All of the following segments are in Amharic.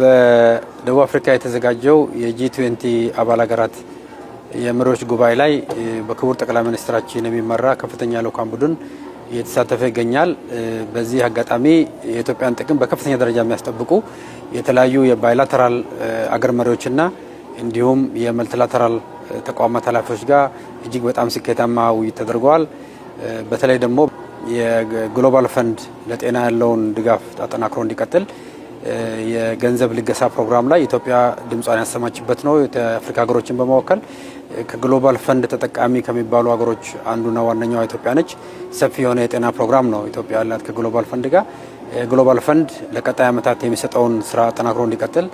በደቡብ አፍሪካ የተዘጋጀው የጂ ትዌንቲ አባል ሀገራት የመሪዎች ጉባኤ ላይ በክቡር ጠቅላይ ሚኒስትራችን የሚመራ ከፍተኛ ልዑካን ቡድን እየተሳተፈ ይገኛል። በዚህ አጋጣሚ የኢትዮጵያን ጥቅም በከፍተኛ ደረጃ የሚያስጠብቁ የተለያዩ የባይላተራል አገር መሪዎችና እንዲሁም የመልትላተራል ተቋማት ኃላፊዎች ጋር እጅግ በጣም ስኬታማ ውይይት ተደርገዋል። በተለይ ደግሞ የግሎባል ፈንድ ለጤና ያለውን ድጋፍ አጠናክሮ እንዲቀጥል የገንዘብ ልገሳ ፕሮግራም ላይ ኢትዮጵያ ድምጿን ያሰማችበት ነው። የአፍሪካ ሀገሮችን በመወከል ከግሎባል ፈንድ ተጠቃሚ ከሚባሉ ሀገሮች አንዱና ዋነኛዋ ኢትዮጵያ ነች። ሰፊ የሆነ የጤና ፕሮግራም ነው ኢትዮጵያ ያላት ከግሎባል ፈንድ ጋር። ግሎባል ፈንድ ለቀጣይ ዓመታት የሚሰጠውን ስራ አጠናክሮ እንዲቀጥል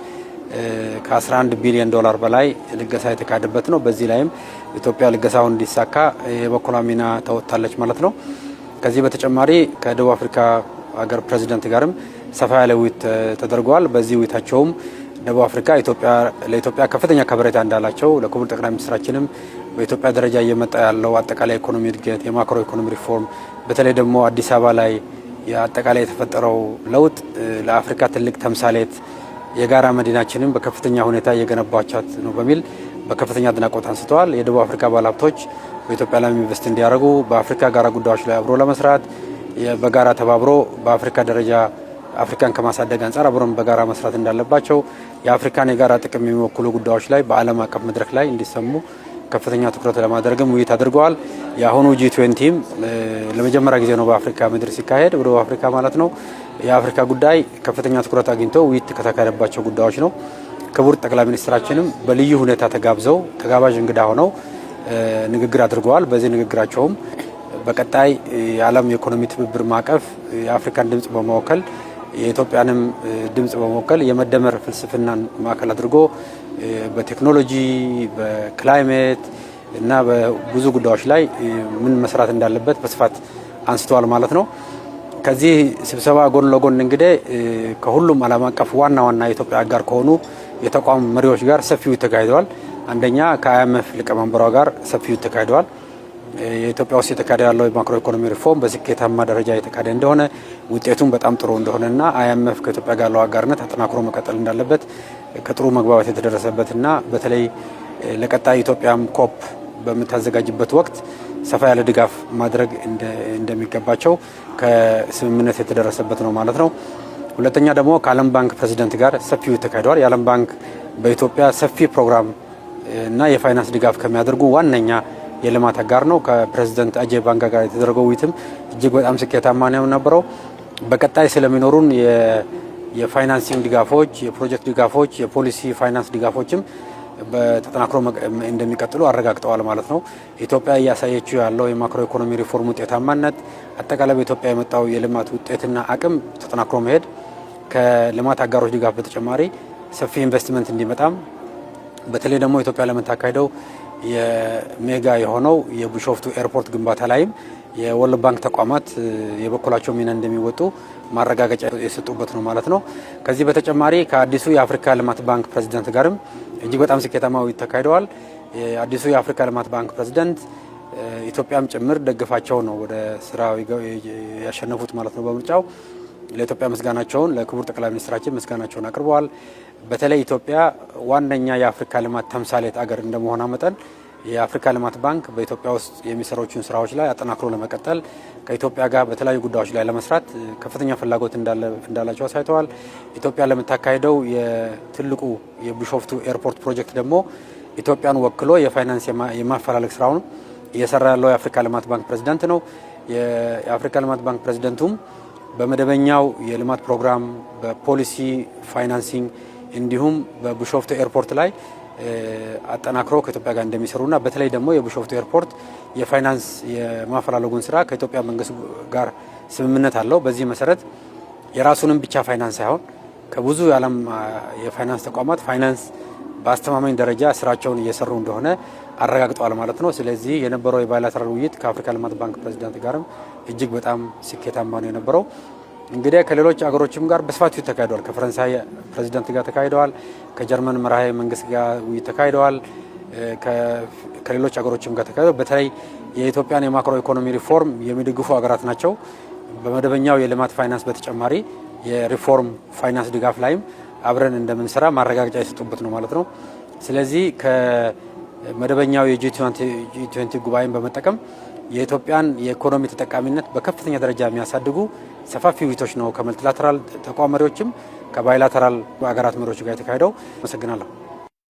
ከ11 ቢሊዮን ዶላር በላይ ልገሳ የተካሄደበት ነው። በዚህ ላይም ኢትዮጵያ ልገሳው እንዲሳካ የበኩሏ ሚና ተወጥታለች ማለት ነው። ከዚህ በተጨማሪ ከደቡብ አፍሪካ ሀገር ፕሬዚደንት ጋርም ሰፋ ያለ ውይይት ተደርገዋል። በዚህ ውይይታቸውም ደቡብ አፍሪካ ለኢትዮጵያ ከፍተኛ ከበሬታ እንዳላቸው ለክቡር ጠቅላይ ሚኒስትራችንም በኢትዮጵያ ደረጃ እየመጣ ያለው አጠቃላይ ኢኮኖሚ እድገት፣ የማክሮ ኢኮኖሚ ሪፎርም፣ በተለይ ደግሞ አዲስ አበባ ላይ አጠቃላይ የተፈጠረው ለውጥ ለአፍሪካ ትልቅ ተምሳሌት፣ የጋራ መዲናችንም በከፍተኛ ሁኔታ እየገነባቻት ነው በሚል በከፍተኛ አድናቆት አንስተዋል። የደቡብ አፍሪካ ባለሀብቶች በኢትዮጵያ ላይ ኢንቨስት እንዲያደርጉ፣ በአፍሪካ ጋራ ጉዳዮች ላይ አብሮ ለመስራት በጋራ ተባብሮ በአፍሪካ ደረጃ አፍሪካን ከማሳደግ አንጻር አብሮን በጋራ መስራት እንዳለባቸው የአፍሪካን የጋራ ጥቅም የሚወክሉ ጉዳዮች ላይ በዓለም አቀፍ መድረክ ላይ እንዲሰሙ ከፍተኛ ትኩረት ለማድረግም ውይይት አድርገዋል። የአሁኑ ጂ ትዌንቲም ለመጀመሪያ ጊዜ ነው በአፍሪካ ምድር ሲካሄድ፣ በደቡብ አፍሪካ ማለት ነው። የአፍሪካ ጉዳይ ከፍተኛ ትኩረት አግኝቶ ውይይት ከተካሄደባቸው ጉዳዮች ነው። ክቡር ጠቅላይ ሚኒስትራችንም በልዩ ሁኔታ ተጋብዘው ተጋባዥ እንግዳ ሆነው ንግግር አድርገዋል። በዚህ ንግግራቸውም በቀጣይ የዓለም የኢኮኖሚ ትብብር ማዕቀፍ የአፍሪካን ድምፅ በመወከል የኢትዮጵያንም ድምፅ በመወከል የመደመር ፍልስፍናን ማዕከል አድርጎ በቴክኖሎጂ በክላይሜት እና በብዙ ጉዳዮች ላይ ምን መስራት እንዳለበት በስፋት አንስተዋል ማለት ነው። ከዚህ ስብሰባ ጎን ለጎን እንግዲህ ከሁሉም ዓለም አቀፍ ዋና ዋና የኢትዮጵያ ጋር ከሆኑ የተቋም መሪዎች ጋር ሰፊው ተካሂደዋል። አንደኛ ከአይኤምኤፍ ሊቀመንበሯ ጋር ሰፊው ተካሂደዋል። የኢትዮጵያ ውስጥ የተካሄደ ያለው የማክሮ ኢኮኖሚ ሪፎርም በስኬታማ ደረጃ የተካሄደ እንደሆነ ውጤቱም በጣም ጥሩ እንደሆነና አይኤምኤፍ ከኢትዮጵያ ጋር ያለው አጋርነት አጠናክሮ መቀጠል እንዳለበት ከጥሩ መግባባት የተደረሰበትና በተለይ ለቀጣይ ኢትዮጵያም ኮፕ በምታዘጋጅበት ወቅት ሰፋ ያለ ድጋፍ ማድረግ እንደሚገባቸው ከስምምነት የተደረሰበት ነው ማለት ነው። ሁለተኛ ደግሞ ከዓለም ባንክ ፕሬዚደንት ጋር ሰፊው ተካሂደዋል። የዓለም ባንክ በኢትዮጵያ ሰፊ ፕሮግራም እና የፋይናንስ ድጋፍ ከሚያደርጉ ዋነኛ የልማት አጋር ነው። ከፕሬዚደንት አጄ ባንጋ ጋር የተደረገው ውይይትም እጅግ በጣም ስኬታማ ነው የነበረው። በቀጣይ ስለሚኖሩን የፋይናንሲንግ ድጋፎች፣ የፕሮጀክት ድጋፎች፣ የፖሊሲ ፋይናንስ ድጋፎችም በተጠናክሮ እንደሚቀጥሉ አረጋግጠዋል ማለት ነው። ኢትዮጵያ እያሳየችው ያለው የማክሮ ኢኮኖሚ ሪፎርም ውጤታማነት፣ አጠቃላይ በኢትዮጵያ የመጣው የልማት ውጤትና አቅም ተጠናክሮ መሄድ ከልማት አጋሮች ድጋፍ በተጨማሪ ሰፊ ኢንቨስትመንት እንዲመጣም በተለይ ደግሞ ኢትዮጵያ ለምታካሄደው የሜጋ የሆነው የቢሾፍቱ ኤርፖርት ግንባታ ላይም የወርልድ ባንክ ተቋማት የበኩላቸው ሚና እንደሚወጡ ማረጋገጫ የሰጡበት ነው ማለት ነው። ከዚህ በተጨማሪ ከአዲሱ የአፍሪካ ልማት ባንክ ፕሬዚደንት ጋርም እጅግ በጣም ስኬታማዊ ተካሂደዋል። አዲሱ የአፍሪካ ልማት ባንክ ፕሬዚደንት ኢትዮጵያም ጭምር ደግፋቸው ነው ወደ ስራ ያሸነፉት ማለት ነው በምርጫው ለኢትዮጵያ ምስጋናቸውን ለክቡር ጠቅላይ ሚኒስትራችን ምስጋናቸውን አቅርበዋል። በተለይ ኢትዮጵያ ዋነኛ የአፍሪካ ልማት ተምሳሌት አገር እንደመሆኗ መጠን የአፍሪካ ልማት ባንክ በኢትዮጵያ ውስጥ የሚሰራቸውን ስራዎች ላይ አጠናክሮ ለመቀጠል ከኢትዮጵያ ጋር በተለያዩ ጉዳዮች ላይ ለመስራት ከፍተኛ ፍላጎት እንዳላቸው አሳይተዋል። ኢትዮጵያ ለምታካሄደው የትልቁ የቢሾፍቱ ኤርፖርት ፕሮጀክት ደግሞ ኢትዮጵያን ወክሎ የፋይናንስ የማፈላለግ ስራውን እየሰራ ያለው የአፍሪካ ልማት ባንክ ፕሬዚዳንት ነው። የአፍሪካ ልማት ባንክ ፕሬዚደንቱም በመደበኛው የልማት ፕሮግራም በፖሊሲ ፋይናንሲንግ እንዲሁም በቢሾፍቱ ኤርፖርት ላይ አጠናክሮ ከኢትዮጵያ ጋር እንደሚሰሩና በተለይ ደግሞ የቢሾፍቱ ኤርፖርት የፋይናንስ የማፈላለጉን ስራ ከኢትዮጵያ መንግስት ጋር ስምምነት አለው። በዚህ መሰረት የራሱንም ብቻ ፋይናንስ ሳይሆን ከብዙ የዓለም የፋይናንስ ተቋማት ፋይናንስ በአስተማማኝ ደረጃ ስራቸውን እየሰሩ እንደሆነ አረጋግጠዋል ማለት ነው። ስለዚህ የነበረው የባይላተራል ውይይት ከአፍሪካ ልማት ባንክ ፕሬዚዳንት ጋርም እጅግ በጣም ስኬታማ ነው የነበረው። እንግዲህ ከሌሎች አገሮችም ጋር በስፋት ተካሂደዋል። ከፈረንሳይ ፕሬዚዳንት ጋር ተካሂደዋል። ከጀርመን መራሄ መንግስት ጋር ውይይት ተካሂደዋል። ከሌሎች አገሮችም ጋር ተካሂደዋል። በተለይ የኢትዮጵያን የማክሮ ኢኮኖሚ ሪፎርም የሚደግፉ ሀገራት ናቸው። በመደበኛው የልማት ፋይናንስ በተጨማሪ የሪፎርም ፋይናንስ ድጋፍ ላይም አብረን እንደምንሰራ ማረጋገጫ የሰጡበት ነው ማለት ነው። ስለዚህ ከመደበኛው የጂ20 ጉባኤን በመጠቀም የኢትዮጵያን የኢኮኖሚ ተጠቃሚነት በከፍተኛ ደረጃ የሚያሳድጉ ሰፋፊ ውይይቶች ነው ከመልቲላተራል ተቋም መሪዎችም ከባይላተራል ሀገራት መሪዎች ጋር የተካሄደው። አመሰግናለሁ።